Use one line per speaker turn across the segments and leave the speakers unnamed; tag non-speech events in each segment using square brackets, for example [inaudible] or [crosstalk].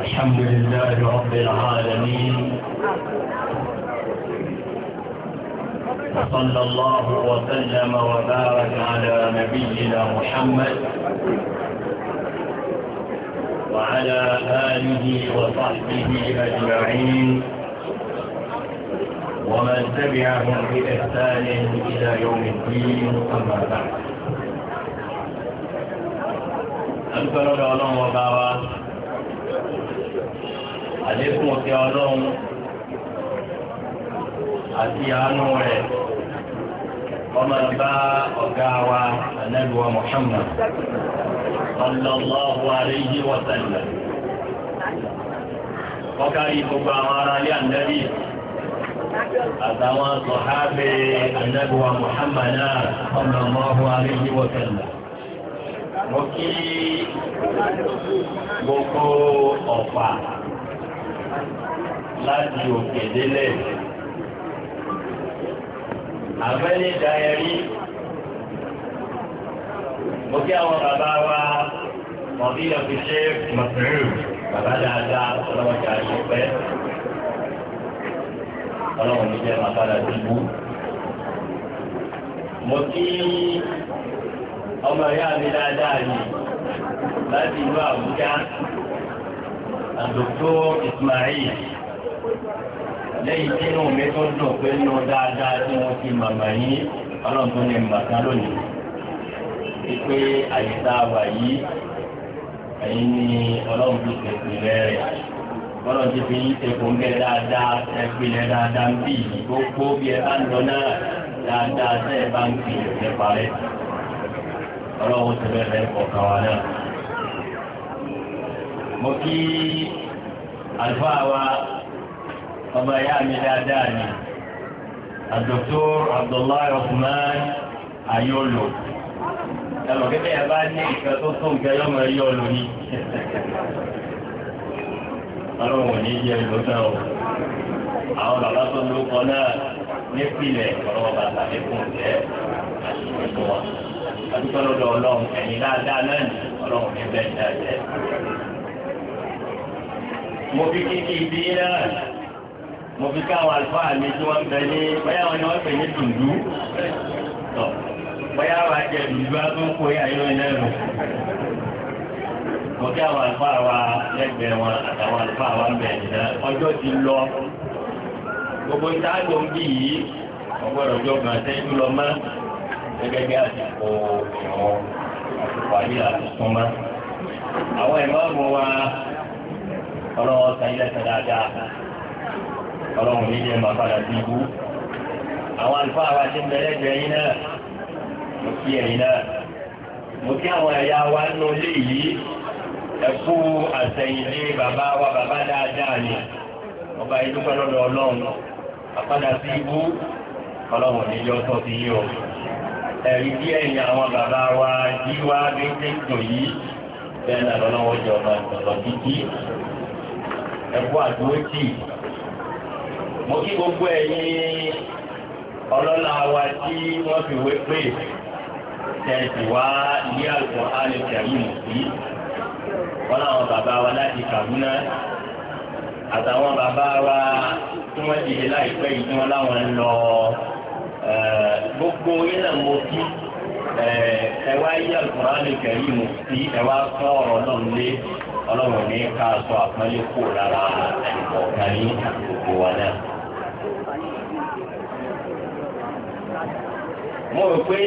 الحمد لله رب العالمين وصلى الله وسلم وبارك على نبينا محمد وعلى آله وصحبه أجمعين ومن تبعهم بإحسان إلى يوم الدين أما بعد أنت رضا وبارك àlékún ọ̀kẹ́ ọlọ́run àti àánú rẹ̀ ọmọ bá ọ̀gá wa anẹ́lùwà Muhammad sallallahu alayhi wa sallam ọkàrí gbogbo àwọn ará ilé ànẹ́bí àtàwọn sọ̀hábẹ̀ anẹ́lùwà Muhammad sallallahu alayhi wa sallam mo kí gbogbo ọ̀pá láti òkè délẹ̀. àbẹ́lẹ̀ dayẹ̀rí mo kí àwọn bàbá wa wọ́n bí ọ̀fi ṣe mọ̀tìrì bàbá dáadáa ọlọ́wọ́ jà ṣe pẹ́ ọlọ́wọ́ mi jẹ́ bàbá dàdúgbò. mo kí ọmọ ìyá mi dáadáa yìí láti ìlú àbújá àdókò Ismail lẹ́yìn tí inú mi tó dùn pé inú dáadáa tí mo ti màmá yín ọlọ́run tó ní màkà lónìí pípé àyíká wà yìí ẹ̀yin ni ọlọ́run tó ṣe ìpìlẹ̀ rẹ̀ ọlọ́run ti fi yín ṣe kóńgẹ́ dáadáa ẹ̀pìlẹ̀ dáadáa ń bì yìí gbogbo bí ẹ bá ń lọ náà dáadáa tẹ́ ẹ bá ń fi ìrẹ̀lẹ̀ parẹ́ ọlọ́run tó bẹ̀rẹ̀ kọ̀ọ̀kan wa náà. mo kí àlùfáà wa ọmọ ìyá mi dáadáa ni àdòtòr Abdullahi Osman Ayolo ẹlọ kí bẹ́ẹ̀ bá ní ìfẹ́ tó tó nǹkan yọmọ ẹyọ lò ní ọlọ́run ò ní jẹ́ ìlọ́tà o àwọn bàbá tó ló kọ náà nípìnlẹ̀ ọ̀rọ̀ bàtà lẹ́kùn jẹ́ àṣìṣe wa àdúgbò lọ́dọ̀ ọlọ́run ẹ̀yìn dáadáa náà ní ọlọ́run ní bẹ́ẹ̀ dáadáa mo fi kíkí bí náà mo fi ká àwọn àlùfáà mi tí wọ́n bẹ ní bóyá wọn ni wọ́n pè ní dùndú tọ̀ bóyá wàá jẹ dùndú á tún kó yà yóò iná rẹ̀ mo kí àwọn àlùfáà wa lẹ́gbẹ̀ẹ́ wọn àtàwọn àlùfáà wa ń bẹ̀ nìyà ọjọ́ ti lọ gbogbo ìdájọ́ ń bí yìí ọgbọ́dọ̀ jọ gan sẹ́yìn lọ mọ́ gẹ́gẹ́ bí àsìkò ìwọ̀n àsìkò ayé àtúntún mọ́ àwọn ìmọ̀ ọ̀gbọ̀n wa ọlọ́wọ́ sanyí lẹ́sẹ̀ dáadáa ọlọ́run ní jẹ́ máa padà sí ibú àwọn àlùfáà wa ti ń bẹ̀rẹ̀ jẹ́ yín náà mo kí ẹ̀yin náà mo kí àwọn ẹ̀yà wa nínú ilé yìí ẹ̀kú àtẹ̀yìnlé bàbá wa bàbá dáadáa ni ọba ìdúpẹ́ lọ́dọ̀ ọlọ́run àpadà sí ibú ọlọ́run ní jẹ́ ọtọ́ sí yìí o ẹ̀rí bí ẹ̀yìn àwọn bàbá wa jí wá bí ń tẹ̀sọ̀ yìí bẹ́ẹ̀ náà lọ́wọ́ jẹ́ ọba ìtọ̀lọ́ títí mo kí gbogbo ẹ̀yin ọlọ́lá wa tí wọ́n fi wé pé tẹ̀sí wá ilé àgbọ̀ alẹ́kẹ̀rí mọ̀ sí wọn làwọn bàbá wa láti Kàdúná àtàwọn bàbá wa tí wọ́n ti dé láìpẹ́ yìí tí wọ́n láwọn ń lọ eh, gbogbo yín náà mo kí ẹwà yíyá kùránì kẹrí mu sí ẹwà sọ ọ̀rọ̀ náà lé ọlọ́run ní ká sọ àpọ́nlé kó lára ẹnìkọ̀ọ̀kan ní gbogbo wa náà. mo rò pé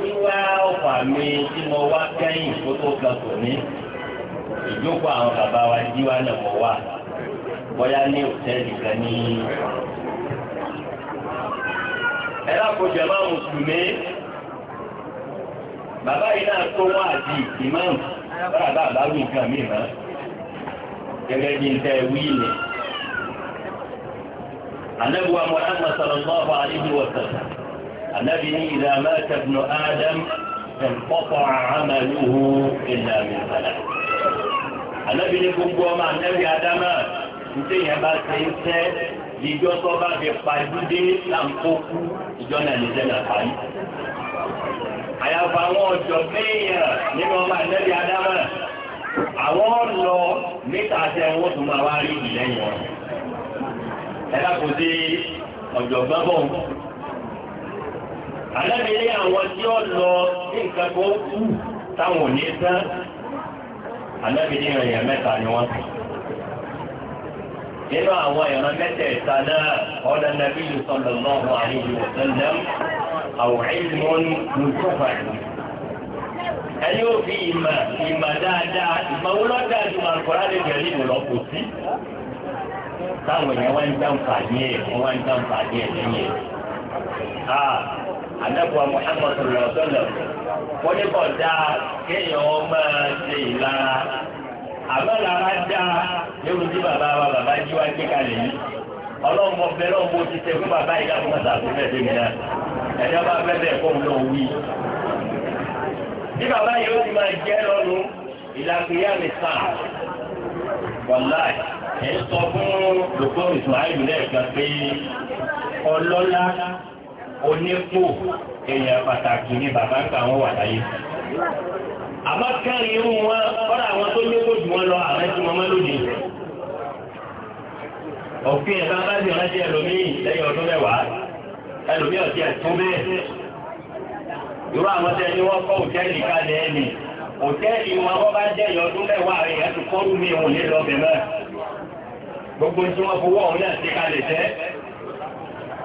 wíwá ọ̀pá mi tí mo wá kẹ́yìn tó tó ní ìjókòó àwọn bàbá wa jíwá náà mo wà bóyá ní òtẹ́ẹ̀lì kan ní. ẹ lákòjọ máa mùsùlùmí bàbá yìí náà tó wá àti ìmáàmù bára bá wí nǹkan mi mọ́ gẹ́gẹ́ bí n tẹ́ wí ni. Muhammad sallallahu alaihi wa ànábi ní ìlà mẹ́ta ibn Adam ẹ̀kọ́kọ́ àmàlúhu ìlà mẹ́ta. ànábi ní gbogbo ọmọ ànábi Adama níta yẹn bá ṣe ń tẹ́ ìjọ tó bá fi pa ìdúdé láǹkókú ìjọ náà lè jẹ́ nàfà yìí. àyàfà àwọn ọ̀jọ̀ méèyàn nínú ọmọ ànábi Adama àwọn lọ níta àti ẹ̀wọ̀n tó máa wá rí ìlẹ́yìn wọn. ẹ dákun sí ọ̀jọ̀gbọ́n bọ̀ alábẹ̀lẹ̀ àwọn tí ó lọ ní nǹkan tó kú táwọn ní tán alábẹ̀lẹ̀ èèyàn mẹ́ta ni wọ́n sọ nínú àwọn èèyàn mẹ́tẹ̀ẹ̀ta náà ọ̀dọ̀ nàbí ìsọ̀lọ̀ náà wà ní ìwọ̀sẹ̀lẹ̀ àwọn ìlmọ̀ nùtọ́fà ẹni ó fi ìmọ̀ ìmọ̀ dáadáa ìmọ̀ wúlọ́dà ìmọ̀ àkọ́rá lè jẹ́ nínú lọ́pọ̀ sí táwọn èèyàn wá ń dáǹfà ní ẹ̀ wọ́n wá ń dáǹfà ní ẹ̀ àdẹ́kùn Muhammad lọ́sọ̀lọ̀ wọ́n ní kọ̀ dáa kéèyàn ọmọ ṣe ìlara àmọ́ lára dáa lórí tí bàbá wa bàbá jí wá gbé kalẹ̀ yìí ọlọ́run mọ bẹ́ẹ̀ ti tẹ fún bàbá yìí káfíńkà sàkó bẹ́ẹ̀ sí mi ẹ̀dá bá fẹ́ bẹ́ẹ̀ fóun náà wí. bí bàbá yìí ó ti máa jẹ́ lọ́nu ìlàkúyà mi sàn wàláì ẹ̀ sọ fún lòkó ìsùn àìlú lẹ́ẹ̀kan pé ọlọ́lá onípò èèyàn pàtàkì ní bàbá ń kàwọn wà láyé àmọ́ kẹrin ń wọn kọ́dà àwọn tó lé kó jù wọn lọ ààrẹ tí wọn mọ́ lóde òfin ẹ̀ka bá ti rántí ẹlòmíì lẹ́yìn ọdún mẹ́wàá ẹlòmíì ọ̀tí ẹ̀tún bẹ́ẹ̀
irú àwọn tẹ ni wọ́n kọ́ òtẹ́ẹ̀lì kalẹ̀ ẹ̀nì òtẹ́ẹ̀lì wọn wọ́n bá jẹ́yìn ọdún mẹ́wàá rẹ̀ ẹ̀ tún kọ́rù mi òun lé lọ bẹ̀rẹ̀
gbogbo tí wọ́n fowó ọ̀hún náà ti kalẹ̀ tẹ́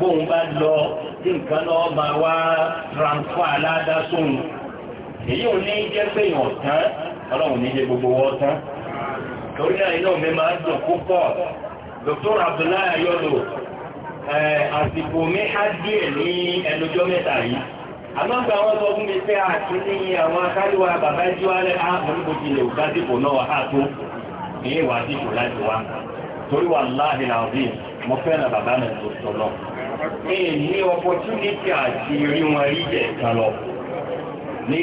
bóun bá lọ tí nǹkan náà máa wá transfer aládá sóhun èyí ò ní jẹ́ pé èèyàn tán ọlọ́run ní jẹ́ gbogbo wọ́n tán torí náà iná mi máa ń dùn púpọ̀ Dr. Abdullahi Ayọ́lò àsìkò mi á díẹ̀ ní ẹnujọ́ mẹ́ta yìí àmọ́gbà wọn sọ fún mi pé àti ní àwọn akáríwá bàbá ẹjọ́ alẹ́ àmọ́lùkù ti lè gbásìkò náà wà tó ní ìwà àsìkò láti wá torí wà láàrin àwọn bíi mo fẹ́ràn bàbá mi tó sọ náà ní ní opportunity àti rí wọn rí jẹ kan lọ ní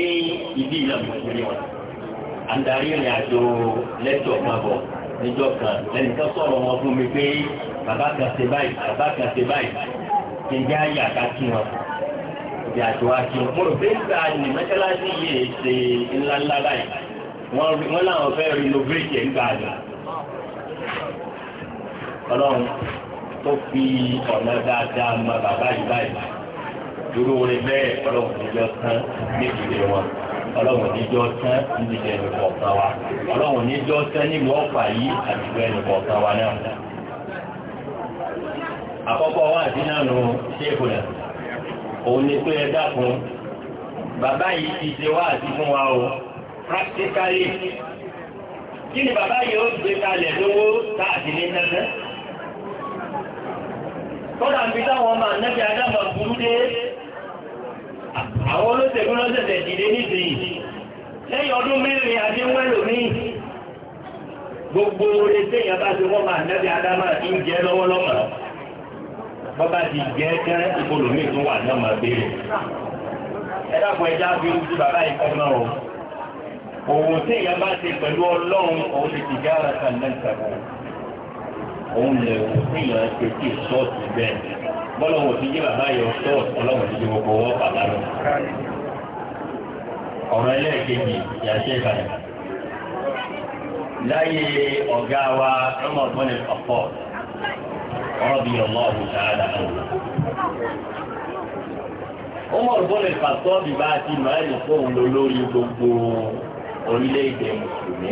ibi ìlànà ìrìn wọn àdarí ìrìn àjò lẹ́tọ̀ kan bọ̀ níjọ́ kan lẹ́nìkan sọ̀rọ̀ wọn fún mi pé bàbá kan ṣe báyìí bàbá kan ṣe báyìí kí n jẹ́ àyè àkákí wọn ìdí àjò àti òmùrò bẹ́ẹ̀ta ni mẹ́tẹ́láṣí yìí ṣe ńlá ńlá báyìí wọ́n láwọn fẹ́ renovate ẹ̀ ń gbà àgbà tó fi ọ̀nà dáadáa ma bàbá yìí báyìí dúró rẹ bẹ́ẹ̀ ọlọ́run níjọ́ tán níbi ilé wọn ọlọ́run níjọ́ tán níbi ilé ẹnu kọ̀ọ̀kan wa ọlọ́run níjọ́ tán níbi ọ̀pá yìí àti ìlú ẹnu wa náà. àkọ́kọ́ wa àti náà ṣéèkù náà òun ni pé ẹ dákun bàbá yìí ti ṣe wá àti fún wa o practically kí ni bàbá yìí ó gbé kalẹ̀ lówó káàkiri náà kọ́nà bí táwọn ọmọ ànájẹ́ adámọ̀ burú dé àwọn olóṣèlú lọ́sẹ̀sẹ̀ dìde nídìí lẹ́yìn ọdún mẹ́rin àti wẹ́lòmí gbogbo oore téèyàn bá ti wọ́n máa ànájẹ́ adámọ̀ ìjẹ́ lọ́wọ́lọ́mọ̀ bọ́bá ti jẹ́ kẹ́ ìbolòmí tó wà náà máa béèrè ẹ dákun ẹja fi ń ti bàbá yìí kọ́ náà o òun téèyàn bá ti pẹ̀lú ọlọ́run òun ti tìjà ara kan náà òun lè wò fún ìyàn ṣe kí ṣọ́ọ̀ṣì bẹ́ẹ̀ bọ́lọ́wọ́ ti jẹ́ bàbá yọ ṣọ́ọ̀ṣì ọlọ́wọ́ ti jẹ́ gbogbo wọ́ bàbá lọ. ọ̀rọ̀ ẹlẹ́ẹ̀kejì yàtẹ̀ ìbàdàn láyé ọ̀gá wa ọmọ ọ̀gbọ́n ọ̀pọ̀ ọ̀rọ̀bí ọlọ́ọ̀bù sáádà náà. ọmọ ọ̀gbọ́n ìfàsọ́ọ̀bì bá ti máa ń fóun lólórí gbogbo orílẹ̀-èdè mùsùlùmí.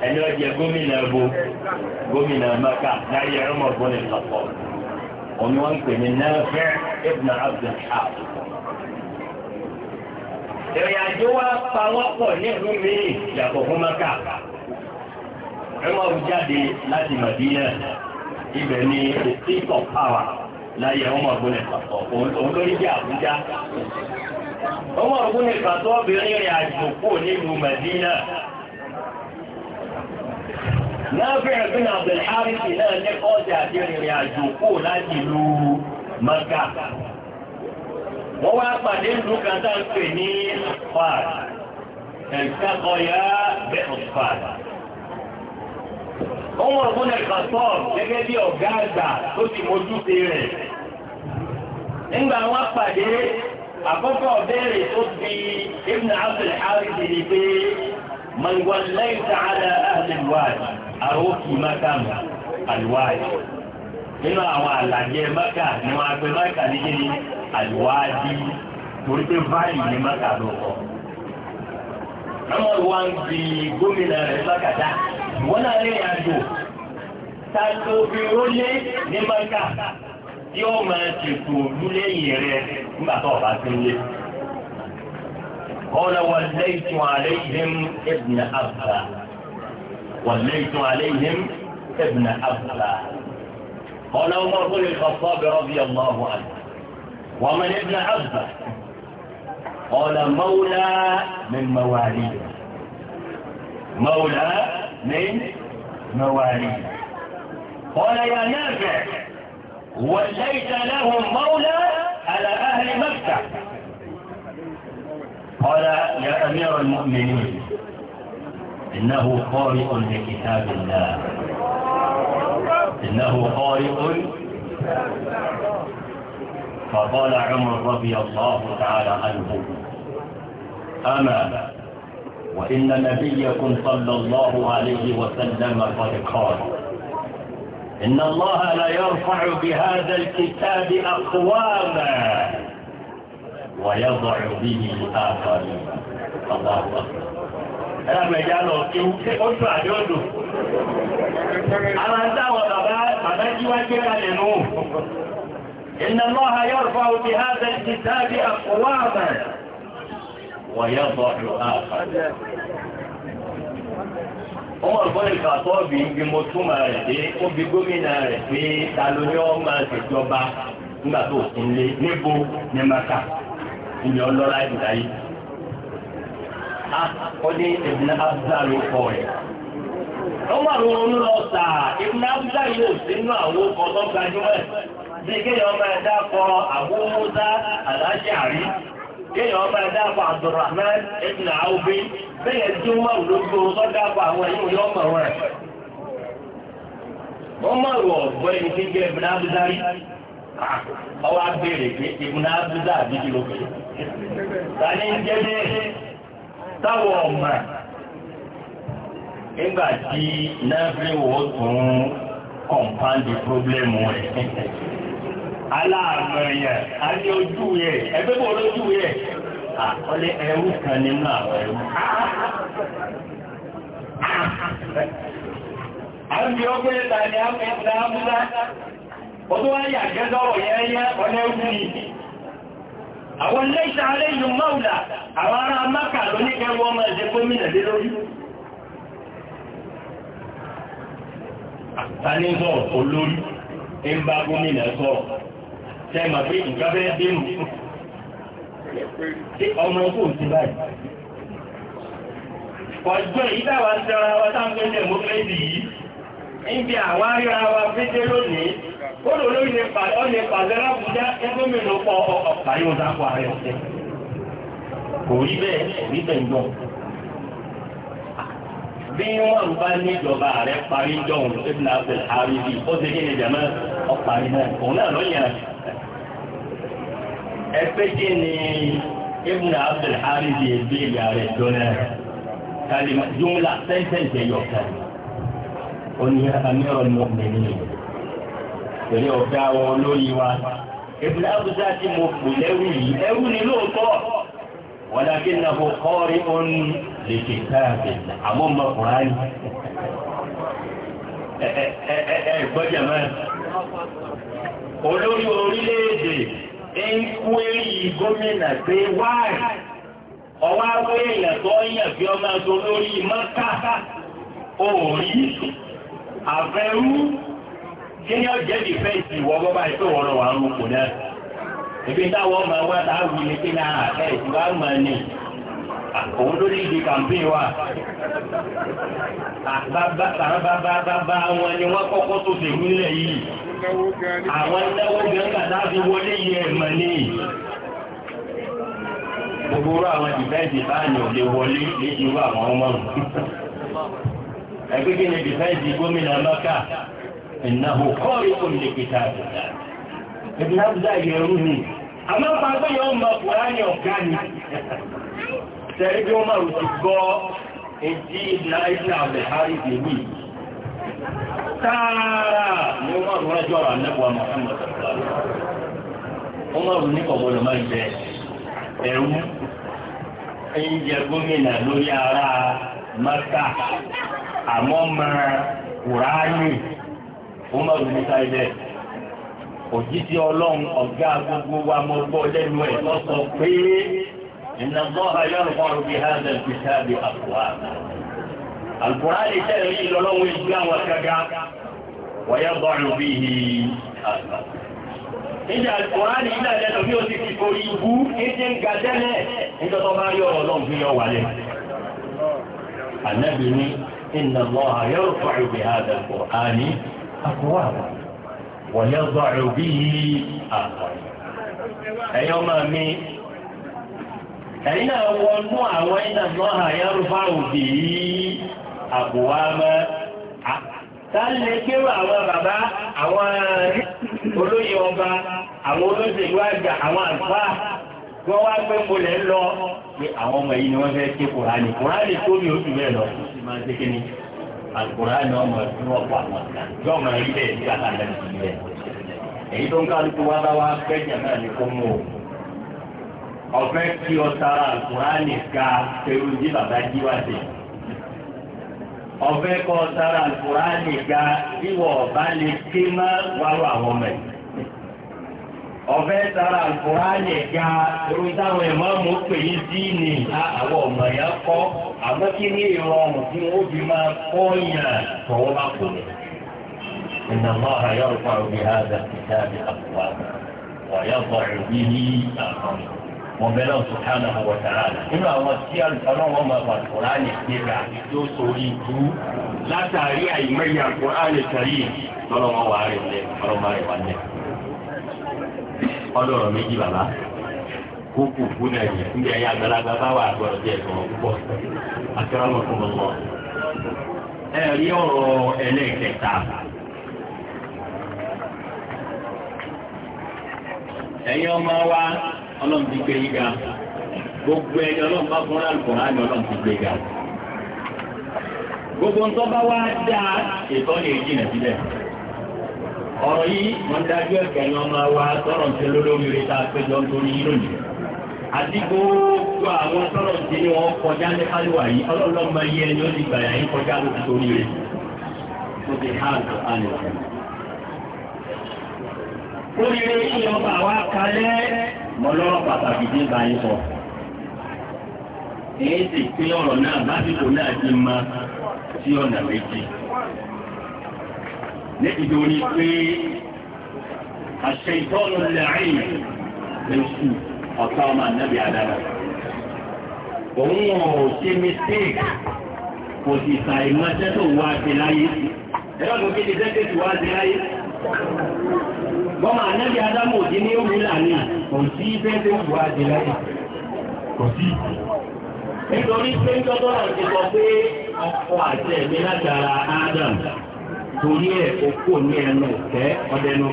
ẹni ọjẹ gómìnà bo gómìnà maka láyé ẹrọmọ bọlẹ lọpọ òní wọn pè ní nàfẹ ibùnà abdulhaq ìrìn àjò wa pa wọ́pọ̀ ní ìlú míì yàtọ̀ fún maka ẹmọ jáde láti Madina ibẹ̀ ní the seat of power láyé ọmọ ọgbọnẹ pàtó òun lórí bí Àbújá ọmọ ọgbọnẹ pàtó obìnrin rìn àjò kúrò nílùú Madina. Nafi' bin Abdul Harith náà ní kọ́ọ̀tì àti ìrìn àjò kò láti lu Maka. Wọ́n wá pàdé ìlú kan tá ń pè ní Fad. Ẹ̀sàkọ̀ ya Bẹ́ẹ̀ Fad. Ọmọ ọ̀gbọ́n ẹ̀kọ́ gẹ́gẹ́ bí ọ̀gá àgbà tó ti mójúte rẹ̀. Nígbà wọn pàdé àkọ́kọ́ béèrè tó fi Ibn Abdul Harith ni pé man wallayta ala ahli al aróòkì mẹ́ta mọ̀ àlùwáàjì nínú àwọn àlàjẹ mẹ́ta ni wọ́n agbẹ mẹ́ta níjẹ́ ní àlùwáàjì torí pé báyìí ni mẹ́ta ló kọ́. àwọn ìwà ń di gómìnà rẹ̀ mẹ́kàtà wọ́n náà lè àjò táàtò fi rólé ní mẹ́ta tí ó máa ṣètò nígbà tó ti ń lé. قال وليت عليهم ابن أبا وليت عليهم ابن أبلا قال عمر بن الخطاب رضي الله عنه ومن ابن أبا قال مولى من مواليه مولى من مواليه قال يا نافع وليت لهم مولى على أهل مكة قال يا أمير المؤمنين إنه قارئ لكتاب الله إنه قارئ فقال عمر رضي الله تعالى عنه أما وإن نبيكم صلى الله عليه وسلم قد قال إن الله لا يرفع بهذا الكتاب أقواما ويضع به آخرين الله أكبر ẹ̀rọ ẹ̀já lọ kí ó tún àdéhùn. Àwọn ń dáwọ̀ bàbá bàbá jí wá gbé kalẹ̀ nù. Inna Allaha yarfa'u bi hadha al-kitabi aqwaman wa yadha'u akhar. Ọmọ ọ̀gbọ́n ìfàtọ́ bí ibi mo túmọ̀ rẹ̀ dé, ó gómìnà rẹ̀ pé ta ló ní ọ́ máa ṣèjọba nígbà tó kún lé níbo ní Maka, ìyọ̀ ọlọ́lá ìgbà yìí. ọdẹ ìbùnà abúlá ló kọ ọmọ àwọn ọmọ lọ sà ìbùnà abúlá yóò sínú àwọn ọkọ tó gbajúmọ̀ bí kéèyàn ọmọ ẹ̀dá kọ àwọn mọ́tà aláṣẹ àrí kéèyàn ọmọ bẹ́ẹ̀ tí wọ́n àwọn ẹ̀yìn òyìn ọmọ ọ̀gbọ́n ẹni tí ń ọwọ́ táwọn ọmọ nígbà tí nẹ́fíwò tún kọ̀ǹpáǹdì pọ́blẹ́mù rẹ̀ aláàmì yẹn a ní ojú yẹ ẹgbẹ́ bò lójú yẹ àkọlé ẹrú kan nínú àwọn ẹrú. àbí ọgbẹ́ ìlànà àmì ìlànà ọdún ayé àjẹ́sọ̀rọ̀ yẹn yẹ ọ̀nà ẹrú yìí. àwọn lẹ́ṣà aléyìn mọ́ùlà àwọn ará Mákà ló ní kẹwọ́ ọmọ ẹ̀ṣẹ́ gómìnà lé lórí tanizọ olórí ń bá gómìnà sọ tẹ́mà pé ìgbàfẹ́ dínú tí ọmọ kò sí báyìí ọjọ́ ìdáwà ń tẹ́ra wa sáńgbẹ́lẹ̀ mọ́fẹ́ kódò lórí ọ̀nà pàdé lábújá ẹgbẹ́ mélòó pọ̀ ọ̀pá yóò dápọ̀ ààrẹ ọ̀tẹ̀ kò rí bẹ́ẹ̀ rí bẹ́ẹ̀ gbọ́n bí wọ́n bá ní ìjọba ààrẹ parí jọ̀hún ibn abdul hariri ó ti kí ni jẹ̀mọ́ ọ̀parí náà òun náà ló yẹn ẹ pé kí ni ibn abdul hariri ẹgbẹ́ ìyá rẹ̀ jọ́nà kalima jumla sẹ́ńtẹ̀ǹtì ẹ̀yọ̀ kan oníyàtà mẹ́rọ̀ ni ọ̀gbìn nìyẹn. èyí ọ̀gá wọn olórí wa ìbùdó àbúzá tí mo pè lẹ́rú yìí ẹrú ni lóòótọ́ wọ́n dákí náà kó kọ́rí òun lè ṣe káàkiri àmọ́ mọ kùránì olórí orílẹ̀-èdè ń kú èyí gómìnà pé wáàrí ọwá wé èèyàn tó kí ni ọjẹ́ dìfẹ́ǹsì wọ bọ́bá ètò ọ̀rọ̀ wà ń náà ebi táwọn ọmọ wa ta wù ní kí náà ẹ̀ ti wá mọ̀ ni òun ló di wa bàbá wọn ni wọ́n kọ́kọ́ tó ṣe nílẹ̀ yìí àwọn náwó gẹ́gà láti wọlé yẹ ẹ̀mọ̀ ni
gbogbo àwọn dìfẹ́ǹsì báyìí ò lè wọlé léjì irú àwọn ọmọ
ẹgbẹ́ kí ni dìfẹ́ǹsì gómìnà ìnáwó kọ́ọ̀rì olùdíkítà àbùdá ìbùdá àbùdá yẹrù ni àmọ́ pàgbé yọ ọmọ kùránì ọ̀gá ni tẹ̀rí bí wọ́n máa rò ti gbọ́ èdè ìdá ìdá àbẹ̀hárí ìdèwì tààrà ni wọ́n máa rò rájọ́ ọ̀rọ̀ ànẹ́bù àmọ́ fún ọ̀sán wọ́n máa rò ní kọ̀bọ̀lọ̀ máa jẹ ẹ̀rú ẹ̀yìn jẹ gómìnà lórí ara mọ́ta àmọ́ máa kùránì Umaru ní sáyẹ̀dẹ̀ òjísé ọlọ́run ọ̀gá gbogbo wa mọ gbọ́ lẹ́nu ẹ̀ lọ́sọ pé iná gbọ́ ayọ́rùkọ́ rúbi hàzẹ̀ ti sáàbì àkùrá. Àkùrá lè tẹ̀lé yìí lọ́lọ́run ìgbé àwọn kága wọ́yá bọ́ rúbi hì àgbà. Níjà àkùrá ní ilé ẹ̀lẹ́nu bí ó ti fi orí ibú kéde ń ga tẹ́lẹ̀ nítorí ọba yọ ọlọ́run fi yọ wálé. Ànábì iná gbọ́ ayọ́rùkọ́ àkọwàbà ويضع به rẹ̀ òbí yìí àkọ̀yìn ẹ̀yin ọmọ mi ẹ̀yin náà wọnú àwọn iná náà àyárúfà òbí yìí àkọwàbà tálẹ̀ kérò àwọn bàbá àwọn olóyè ọba àwọn olóṣèlú àgbà àwọn àgbà wọ́n wá pé mo lè pé àwọn ọmọ yìí ni wọ́n fẹ́ ké kùránì kùránì tó mi ó sì lọ sí máa ń ṣe kíni alukóra ni ọmọ ẹtú ọkọ àwọn ọ̀sán yóò máa rí bẹ́ẹ̀ ní kàkà náà ti rẹ̀ èyí tó ń kálukú wá bá wá fẹ́ jẹ̀ náà ní kó mú o ọ̀fẹ́ kí ọ tara alukóra nìkan pẹ̀lú jí bàbá jí wá sí i ọ̀fẹ́ tara alukóra nìkan bí wọ́n lè ké má wárò àwọn ọmọ ọ̀fẹ́ tara àkùrá yẹ̀ ga orí táwọn ẹ̀mọ́ mú pè ní díìnì àwọn ọmọ ẹ̀yà kọ́ àmọ́ kí ní ìrọ̀rùn tí wọ́n fi máa kọ́ yàn tọ́wọ́ bá kò ní. iná máa ha yọ̀ pa òbí ha dà kíkà bí àkùrá wàyà bọ̀ òbí ní àwọn wọn bẹ náà sọ̀tà náà wọ̀ tara rẹ̀. nínú àwọn tí àlùfáà wọn máa bà àkùrá yẹ̀ sí ra yóò sórí ikú látàrí àìmọye àkùrá yẹ̀ sẹ́yìn lọ́nà wọn wà á rẹ̀ lẹ́ ọlọ́rọ̀ méjì bàbá kókò fún náà yìí níbi ẹ̀yà àgbàlagbà bá wà àgbọ̀rọ̀ jẹ́ ìtàn púpọ̀ akẹ́rọ̀mọ̀ fún ọmọ. ẹ rí ọ̀rọ̀ ẹlẹ́ẹ̀kẹta ẹ̀yin ọmọ wa ọlọ́run ti gbé yíga gbogbo ẹ̀yin ọlọ́run bá fún ọlọ́run ti gbé yíga gbogbo ń tọ́ bá wá dáa ètò ọ̀rọ̀ yìí wọ́n dájú ẹ̀kẹ́ ni ọmọ wa sọ̀rọ̀ ti lólórí rẹ̀ tá a péjọ nítorí yìí lónìí. àti gbogbo àwọn sọ̀rọ̀ ti ní wọ́n kọjá ní kálíwà yìí ọlọ́lọ́mọ yìí ẹni ó ti gbà yà yín kọjá lóṣù torí rẹ̀ tó ti há àgbà alẹ́ rẹ̀. oríire yìí ọba wa kalẹ́ mọ́lọ́rọ̀ pàtàkì tí bá yín sọ. èyí sì pín ọ̀rọ̀ náà lásìkò náà ti máa sí ọ̀nà méjì nídìdò ní pé àṣẹ ìtọ́nù lẹ́rìn lóṣù ọ̀tá ọmọ ànábì àdára òun ò ṣe mistake kò sì ṣàìmọ́ ẹsẹ́ tó wá ṣe láyé ẹ̀rọ ló kéde sẹ́kẹ̀ tó wá ṣe láyé bọ́mọ ànábì àdámù òdí ní òun lànà kò sí bẹ́ẹ̀ tó wá ṣe láyé kò sí nítorí pé ń tọ́tọ́ náà ti sọ pé ọkọ̀ àti ẹ̀mí láti ara Adam torí ẹ̀ okó ní ẹnu ìfẹ́ ọdẹ ní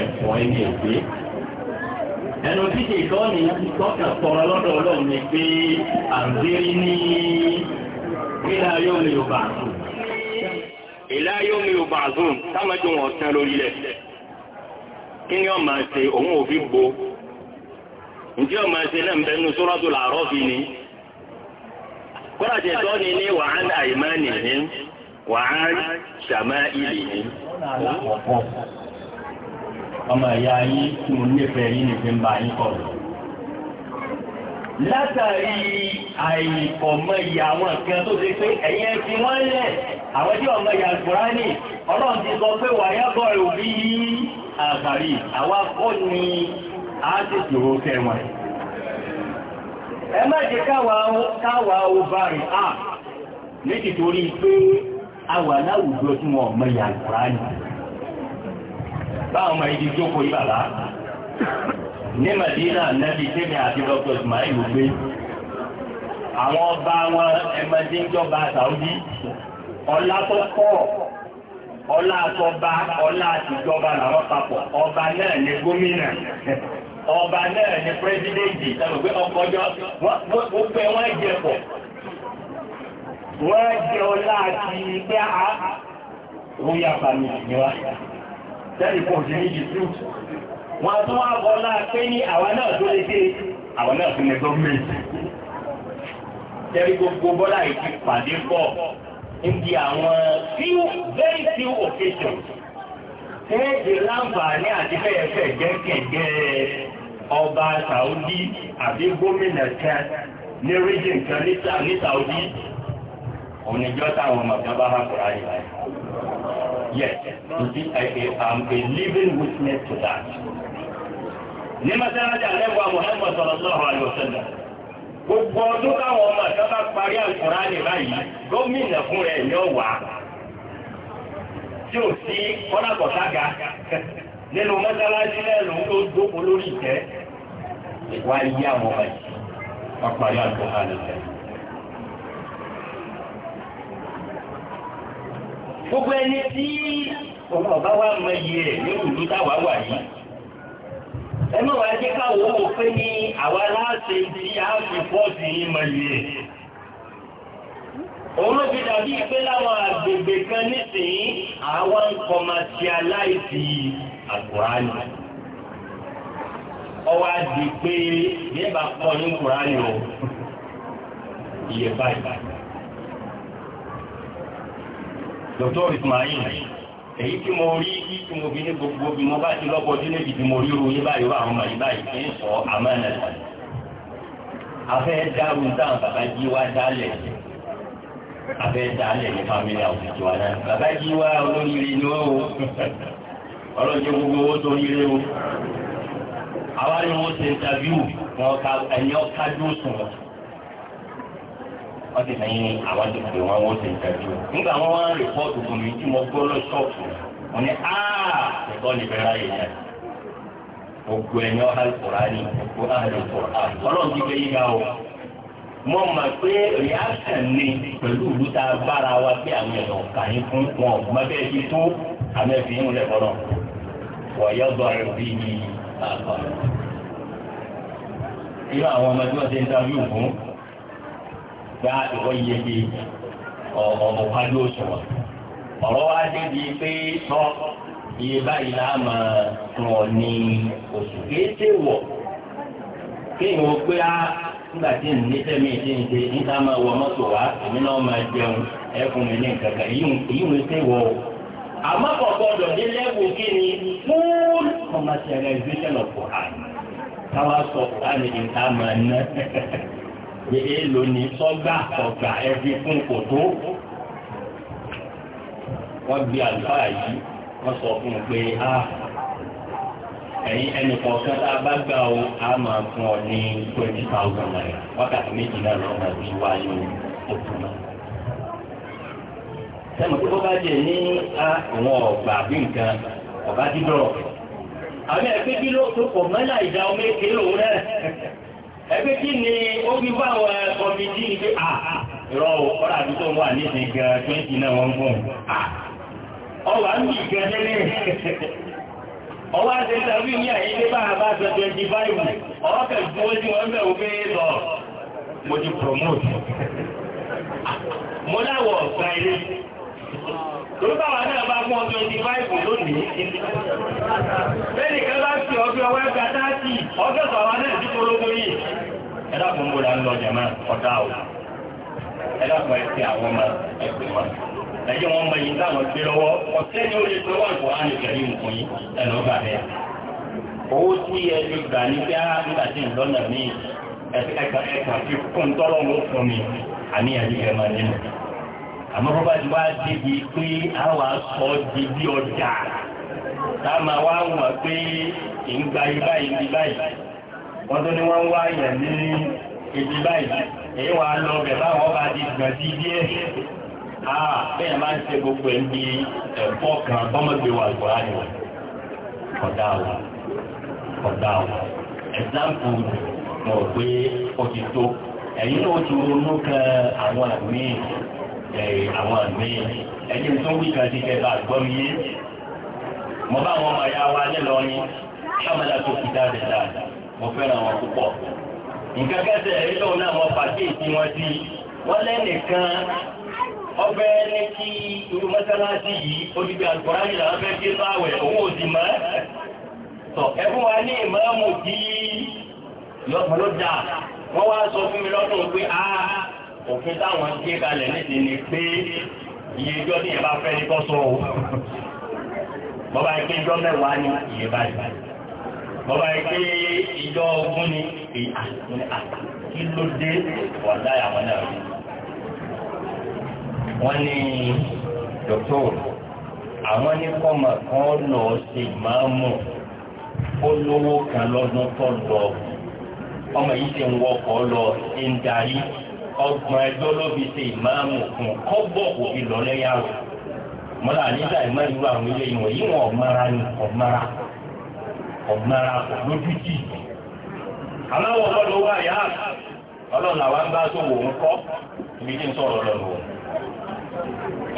ẹ̀fọ́ ẹni ègbé ẹnu títí ìkọ́ ni tọ́kà tọrọ lọ́dọ̀ ọlọ́run pé ní mi ò a támẹ́jọ wọn lórí kí ni ọmọ ṣe òun ò gbo ǹjẹ́ ọmọ náà ni kọ́lá ti tọ́ ni ní wàhán àìmánì ní wàhán sàmá ìlì ní. ọmọ ìyá yín tí mo nífẹ̀ẹ́ yín nìkan bá yín kọ̀ lọ. látàrí àìkọ̀mọyà àwọn kan tó ṣe pé ẹ̀yẹ fi wọ́n lẹ̀ àwọn tí ọmọ ìyá Kùránì ọlọ́run ti sọ pé wàyà bọ̀ rẹ̀ òbí yí àgbàrí àwa kọ́ ni a ti dòwò kẹwọn. ẹ má jẹ́ káwà ọba rẹ̀ à méjì torí pé a wà láwùjọ tí wọ́n mọ ìyà ìkùránì báwọn ọmọ ìdí jókòó ìbàbá ní Madina nẹ́bí tẹ́mi àti Dr. Ismail gbé àwọn ọba wọn ẹmọdé ń Saudi ọlá tó pọ̀ ọlá àtọba ọlá àtijọba làwọn papọ̀ ọba náà ní gómìnà [laughs] ọba náà ni pírẹsidẹ́ǹtì sọ̀rọ̀ pé ọkọjọ́ wọ́n pẹ́ wọ́n jẹ pọ̀ wọ́n jẹ ọlá àti pé a ó yà bàmí ìníwá tẹ́lẹ̀ pọ̀ sí ní jìtú wọ́n tún wá bọ́ náà pé ní àwọn náà tó lé dé àwọn náà tó lè gọ́ọ̀mẹ̀ntì tẹ́lẹ̀ gbogbo bọ́lá ìfi pàdé pọ̀ di àwọn few very few occasions tẹ́ẹ̀dì láǹfààní àti bẹ́ẹ̀ fẹ́ jẹ́ kẹ̀kẹ́ ọba Saudi àbí gómìnà kan ní rígìn kan ní Saudi oníjọ́ táwọn màkà ha ayé báyìí. Yes, I am a living witness to that. Ní Mọ́sálásí Àlẹ́wà Mùhàmmad sallallahu alaihi wasallam. Gbogbo ọdún táwọn ọmọ àtọ́bá parí àkùrá fun báyìí, gómìnà fún rẹ̀ ní ọ̀wà.
Tí ò sí kọ́nàkọ̀sága
[laughs] nínú mọ́sálásí lẹ́nu tó dókòó lórí ìtẹ́. wá yí àwọn báyìí wọ́n parí àgbọ̀ àlùfẹ́. gbogbo ẹni tí ọmọ ọba wa mọ iye rẹ̀ ní ìlú táwa wà yìí ẹnu wa jẹ́ káwọ́ wò pé ní àwa láti ti àfi pọ́ọ̀sì ní mọ iye rẹ̀ òun ló fi dàbí pé láwọn àgbègbè kan nísìnyí àwọn ń kọ́másíaláìsì àkùránì ọwọ́ di pé yẹ́bà kọ́ ní kùránì o iye báyìí. Dr. Ismail èyí tí mo rí kí tí mo fi ní gbogbo bí mo bá ti lọ́pọ̀ ojú níbi tí mo rí ru yín báyìí wà àwọn ọmọ yín báyìí kí n sọ àmánà tà. afẹ́ dárú táwọn bàbá jí wá dálẹ̀ afẹ́ dálẹ̀ ní fámílì àwùjọ wa náà bàbá jí wá olóríire ọlọ́jọ́ gbogbo owó tó rí o àwárí wọn ṣe ìtàbíù wọn ká ẹni ọ̀ká dúró sùn wọn. wọ́n ti sẹ́yìn àwọn tó pè wọ́n wọ́n ṣe ìtàbíù. nígbà wọn wá ń rìpọ́ọ̀tù fún mi tí mo gbọ́ lọ ṣọ́ọ̀tù wọn ni áà ah, ẹ̀kọ́ ni bẹ̀rẹ̀ ayé yẹn. gbogbo ẹni ọ̀há ìkùránì gbogbo ààrẹ ìkùránì ọlọ́run ti gbé yí ga o. mo mọ̀ pé reaction ni pẹ̀lú ìlú tá a wa pé àwọn èèyàn kà irú àwọn ọmọ tí wọ́n ń dá yóò fún gba ìwọ iye bí ọmọ kájú òṣùwọ̀n ọ̀rọ̀ wa dé di pé tọ́ iye báyìí la máa fún ọ ní oṣù kéèké wọ̀ kéèyàn ó pé á ah, nígbà tí n ní sẹ́mi ti ń ṣe níta máa wọ mọ́tò wá èmi náà máa jẹun ẹ̀fún mi ní nǹkan kan èyí ń ṣe wọ̀ ọ́. àmọ́ kò gbọdọ̀ ní lẹ́wù kí ni full commercialization of Quran káwá sọ Quran ní ká máa ná èyí ló ní sọ́gbà ọ̀gbà ẹbí fún kòtó wọ́n gbé àlùfáà yìí wọ́n sọ fún un pé a ẹ̀yin ẹnì kọ̀ọ̀kan tá a bá gbà ó a máa fún ọ ní twenty thousand naira wákàtí méjì náà òtún náà. sẹ́mu tí ó bá ní àwọn ọ̀gbà bí nǹkan ọ̀bá dídọ̀rọ̀ àmì ẹgbẹ́ kí ló tó ìjà ọmọ èké rẹ̀ ẹgbẹ́ o ni ó fi bá àwọn kọ́mìtì ní pé ọ̀rọ̀ wà gan twenty ń bì gan ní àyè bá a bá sọ mo ti promote mo láwọ̀ ọ̀gbà ilé tó báwa náà bá fún ọdún twenty five lónìí bẹ́ẹ̀ni kan bá fi ọdún ọwọ́ ẹgbẹ́ táàtì ọjọ́ sọ̀rọ̀ náà sí polówó yìí ẹ̀dá fún bóra ń lọ jẹ̀mọ́ ọ̀dá o ẹ̀dá fún ẹ̀sìn àwọn ọmọ ẹ̀sìn wọn ẹ̀jẹ̀ wọn mọ èyí táwọn gbé lọ́wọ́ ọ̀sẹ́ ni ó lè tó wà fún àmì kẹrí nǹkan yìí ẹ̀nà ọgbà bẹ́ẹ̀ owó tí ẹ fi gbà ní ah, bí á àmọ́ bọ́bá ti wá débi pé a wà sọ di bí ọjà
tá a máa wá wọ̀n pé
ìgbà yìí báyìí ní báyìí wọ́n tó ní wọ́n wá yàn ní ibi báyìí èyí wà á lọ bẹ̀ báwọn bá di gbọ̀n sí díẹ̀ àà bẹ́ẹ̀ máa ń ṣe gbogbo ẹ̀ ń di ẹ̀fọ́ kan bọ́mọ̀gbé wà lùkọ́ láti wọ̀ kọ̀dá wa kọ̀dá wa ẹ̀sáǹpù mọ̀ pé ó ti tó ẹ̀yìn náà ti ronú kan àwọn àmì àwọn míì ẹ̀yìn tó wí kan ti kẹta àgbọ́n yé mo bá wọn ọ̀yà wa nílọrin ṣàmìlà tó fi dáadé dáadáa mo fẹ́ràn wọn púpọ̀ nǹkan kẹsẹ̀ ètò náà wọn pàkíyèsí wọn sí wọn lẹ́nìkan ọbẹ̀ ní kí irú mọ́sálásí yìí olùgbé àgbọ̀rá yìí làwọn fẹ́ gbé báwẹ̀ owó òsì mọ́ tọ̀ ẹ̀fún wa ní ìmọ̀ọ́mù tí lọ́pọ̀lọ́ dà wọ́n wá sọ fún mi lọ́dún pé ah, òfin táwọn gbé kalẹ̀ nídi ni pé iye ìjọ ní ìyẹn bá fẹ́ ní kọ́sọ́ o bọ́bá yìí pé ìjọ mẹ́wàá ní iye báyìí bọ́bá yìí pé ìjọ ogún ní ìyá kí ló dé ọ̀dá àwọn náà rí wọ́n ní dọ́kítọ́rù àwọn ní kọ́mà kan lọ sí máa mọ̀ ó lówó kan lọ́dún tó lọ ọmọ yìí ti ń wọkọ̀ lọ ń darí ọgbọ̀n ẹjọ́ ló fi ṣe ìmáàmù fún kọ́bọ̀ kò fi lọ lẹ́yà rẹ̀ nígbà ìmọ̀ ìlú àwọn ilé ìwọ̀n yìí wọ́n ọ̀mára ni ọ̀mára ọ̀mára lójú aláwọ̀ ọlọ́dọ̀ wà yá ọlọ́run àwa ń bá tó ibi tí ń sọ̀rọ̀ lọ́nà wò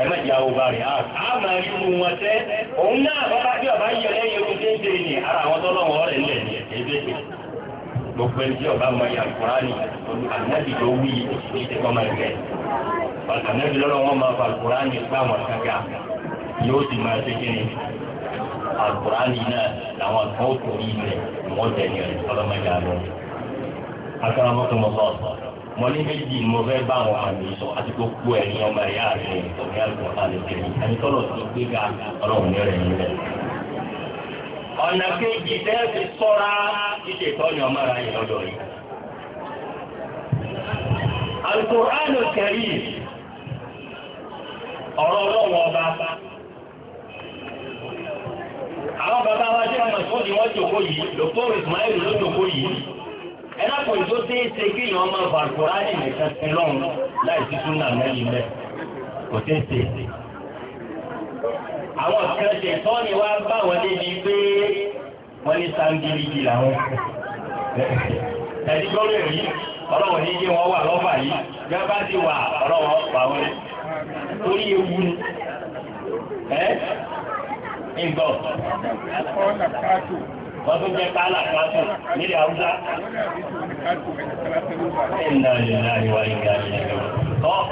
ẹ má jẹ́ àwọn obìnrin á máa wọn tẹ́ òun náà bá bá bí yẹ
lẹ́yìn ni ara àwọn tọ́lọ́wọ́ gbogbo ẹni tí ọba mọ ya alukurani anabi ló wí ní ti kọ́mọ ẹgbẹ́ anabi lọ́rọ̀ wọn máa fa alukurani fáwọn kankan yóò sì máa ṣe kíni alukurani náà làwọn kan ó ilẹ̀ wọ́n tẹ̀lé ẹ̀ ọlọ́mọdé àlọ́ akọ́nàmọ́tòmọ́ bọ́ọ̀sọ̀ mo ní méjì mo fẹ́ bá àwọn àmì sọ àti gbogbo ẹ̀yìn ọmọ ẹ̀yà rẹ̀ ọ̀gbìn àlùkò àlùkò ẹ̀yìn ẹni tọ́lọ̀ tó gbéga ọlọ́run ní ọ̀rẹ́ yìí rẹ̀ ọ̀nà kejì tẹ́ẹ̀sì sọ́ra ìṣe ìtọ́ni ọmọ ara yìí lọ́dọ̀ yìí. Al-Qur'an Al-Karim ọ̀rọ̀ ọlọ́wọ́ ọba.
Àwọn bàbá wa jẹ́ àmọ̀sọ́dì wọ́n jòkó yìí, Dr. Ismail ló jòkó yìí. Ẹlápọ̀ ìjó tí ń ṣe kí ìyàn ọmọ Al-Qur'an nìkan sí lọ́run láì sí súnà mẹ́rin mẹ́.
Kò tí ń ṣe. Àwọn kan ṣe tọ́ni wá bá wọn débi wọ́n ní sáńgìrìgì làwọn ẹ̀dí gbọ́dọ̀ yìí ọlọ́wọ̀n ní yé wọn wà lọ́fà yìí bí ti wà ọlọ́wọ̀n pa wọn torí ewu ni
ẹ́ ǹgbọ́.
wọ́n tún jẹ́ pálá kátó nílẹ̀ haúsá. ẹ̀ńdà lè láyé wáyé ká
lè